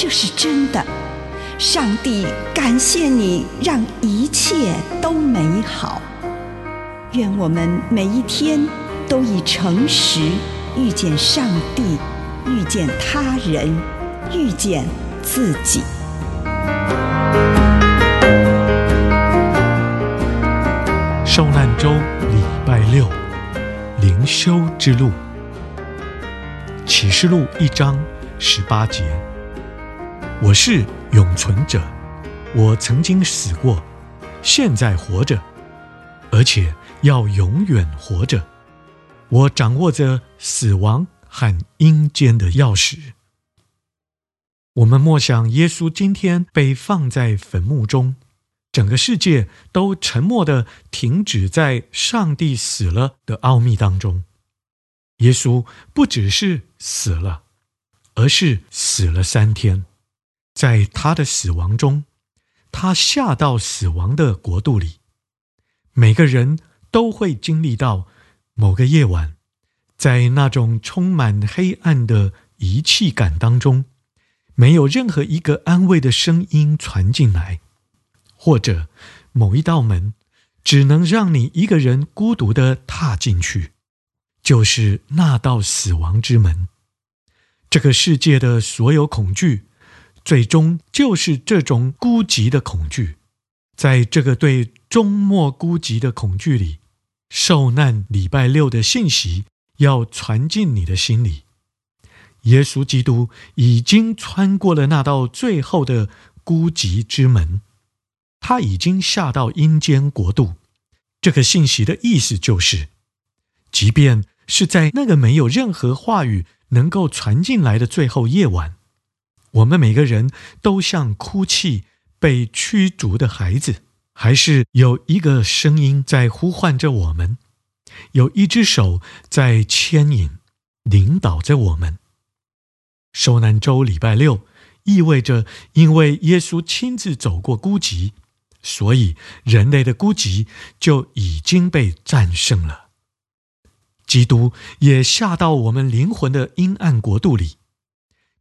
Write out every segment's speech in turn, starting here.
這是真的，上帝感謝你讓一切都美好。願我們每一天都以誠實遇見上帝，遇見他人，遇見自己。受難週禮拜六，靈修之路，啟示錄一章十八節。我是永存者，我曾經死過，現在活着，而且要永遠活着。我掌握着死亡和陰間的鑰匙。我們默想耶穌今天被放在墳墓中，整個世界都沉默地停止在上帝死了的奧秘當中。耶穌不只是死了，而是死了三天。在他的死亡中，他下到死亡的國度裡。每個人都會經歷到某個夜晚，在那種充滿黑暗的遺棄感當中，沒有任何一個安慰的聲音傳進來，或者某一道門只能讓你一個人孤獨地踏進去，就是那道死亡之門。這個世界的所有恐懼。最終就是這種孤寂的恐懼，在這個對終末孤寂的恐懼裡，受難禮拜六的信息要傳進你的心裡。耶穌基督已經穿過了那道最後的孤寂之門，他已經下到陰間國度。這個信息的意思就是，即便是在那個沒有任何話語能夠傳進來的最後夜晚。我們每個人都像哭泣、被驅逐的孩子，還是有一個聲音在呼喚着我們，有一隻手在牽引、領導着我們。受難週禮拜六意味着，因為耶穌親自走過孤寂，所以人類的孤寂就已經被戰勝了。基督也下到我們靈魂的陰暗國度裡。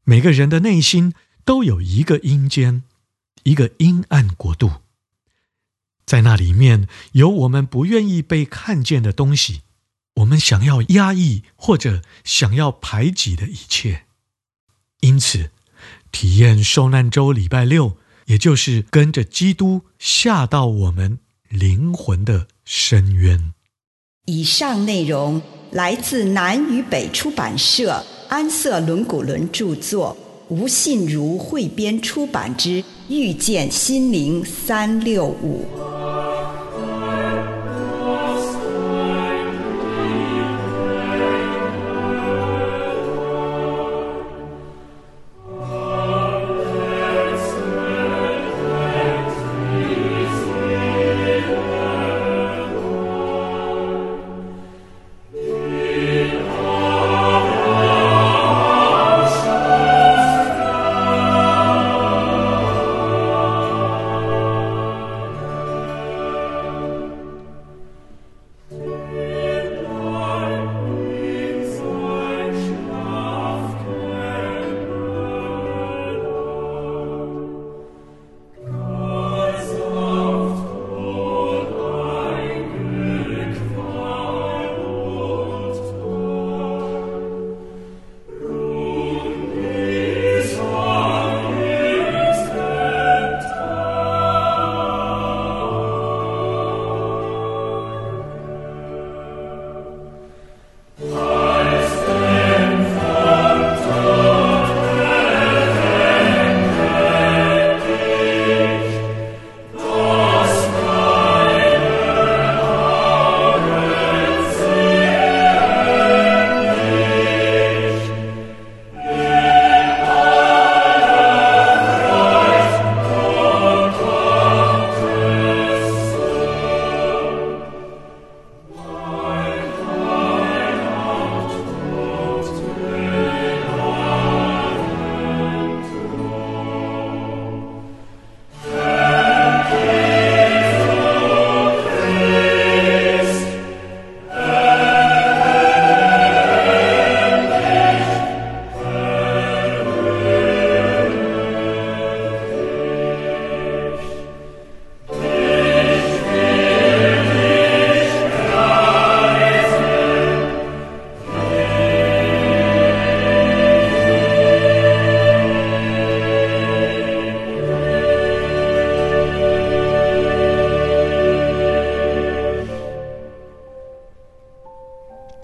每個人的內心都有一個陰間，一個陰暗國度，在那裡面有我們不願意被看見的東西，我們想要壓抑或者想要排擠的一切。因此，體驗受難周禮拜六，也就是跟着基督下到我們靈魂的深淵。以上內容來自南與北出版社。安瑟倫·古倫著作，吳信如彙編出版之《遇見心靈三六五》。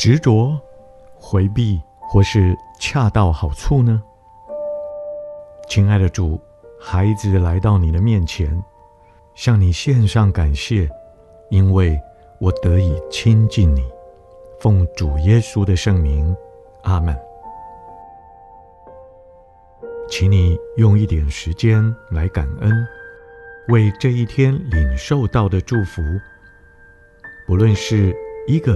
執着、迴避，或是恰到好處呢？親愛的主，孩子來到你的面前，向你獻上感謝，因為我得以親近你。奉主耶穌的聖名，阿門。請你用一點時間來感恩，為這一天領受到的祝福，不論是一個。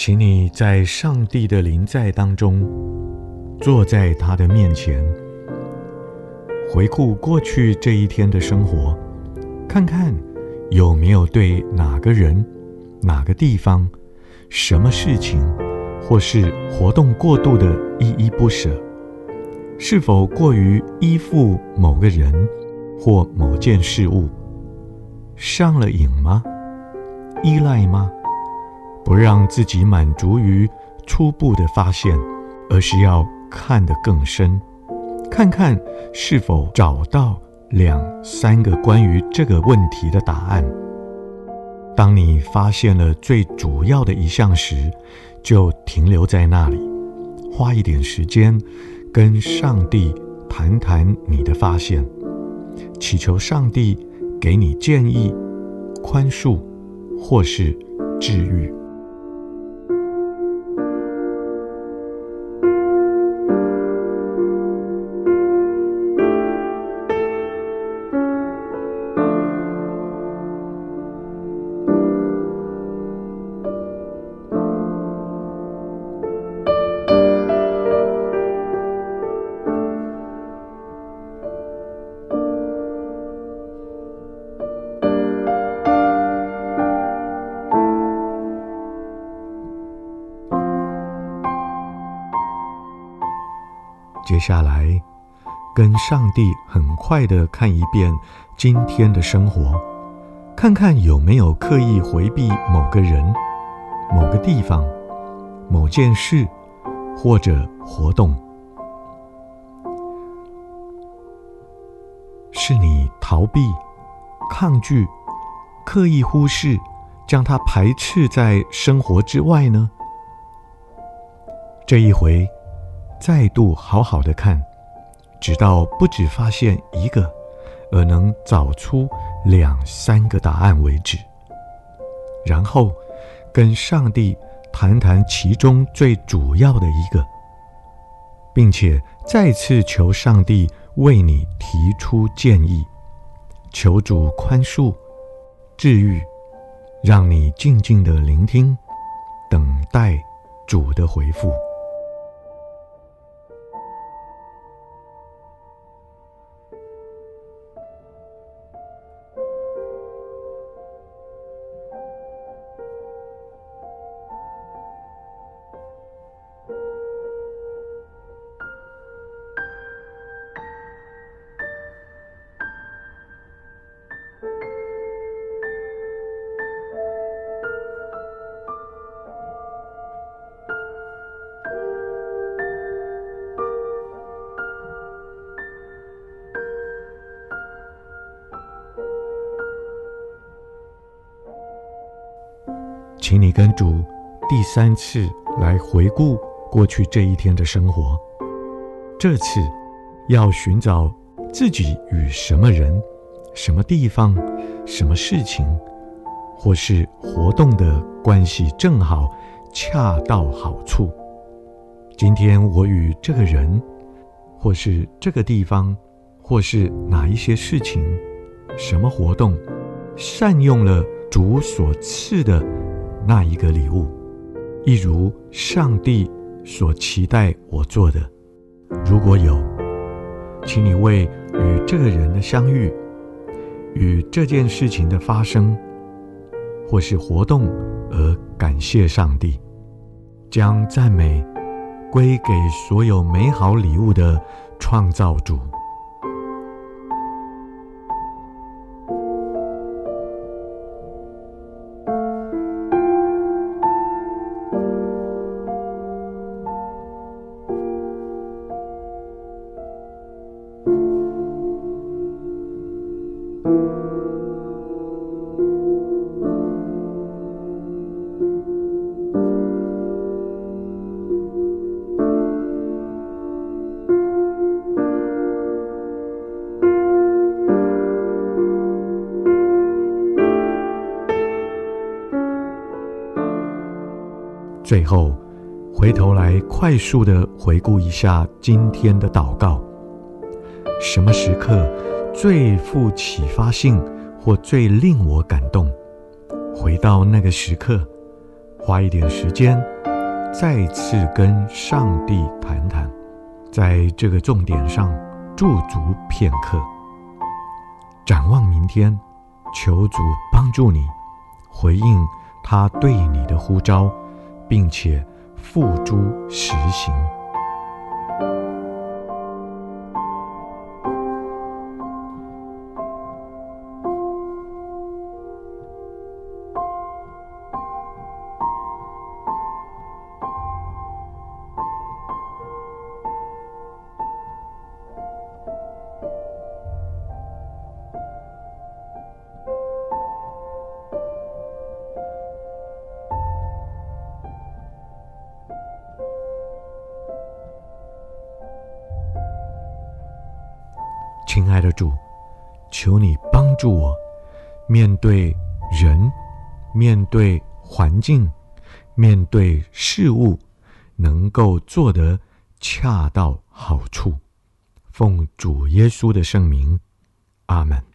請你在上帝的臨在當中，坐在他的面前，回顧過去這一天的生活，看看有沒有對哪個人、哪個地方、什麼事情，或是活動過度的依依不捨，是否過於依附某個人或某件事物，上了癮嗎？依賴嗎？不讓自己滿足於初步的發現，而是要看得更深，看看是否找到兩三個關於這個問題的答案。當你發現了最主要的一項時，就停留在那裡，花一點時間跟上帝談談你的發現，祈求上帝給你建議、寬恕或是治癒。接下來，跟上帝很快的看一遍今天的生活，看看有沒有刻意回避某個人、某個地方、某件事或者活動，是你逃避、抗拒、刻意忽視，將他排斥在生活之外呢？這一回。再度好好的看，直到不只發現一個，而能找出兩三個答案為止。然後，跟上帝談談其中最主要的一個，並且再次求上帝為你提出建議，求主寬恕、治癒，讓你靜靜的聆聽，等待主的回復。請你跟主第三次來回顧過去這一天的生活。這次要尋找自己與什麼人、什麼地方、什麼事情，或是活動的關係，正好恰到好處。今天我與這個人，或是這個地方，或是哪一些事情、什麼活動，善用了主所賜的。那一個禮物，一如上帝所期待我做的。如果有，請你為與這個人的相遇、與這件事情的發生，或是活動而感謝上帝，將讚美歸給所有美好禮物的創造主。最後，回頭來快速的回顧一下今天的禱告，什麼時刻最富啟發性或最令我感動？回到那個時刻，花一點時間再次跟上帝談談，在這個重點上駐足片刻。展望明天，求主幫助你回應他對你的呼召。並且付諸實行。親愛的主，求你幫助我，面對人，面對環境，面對事物，能夠做得恰到好處。奉主耶穌的聖名，阿門。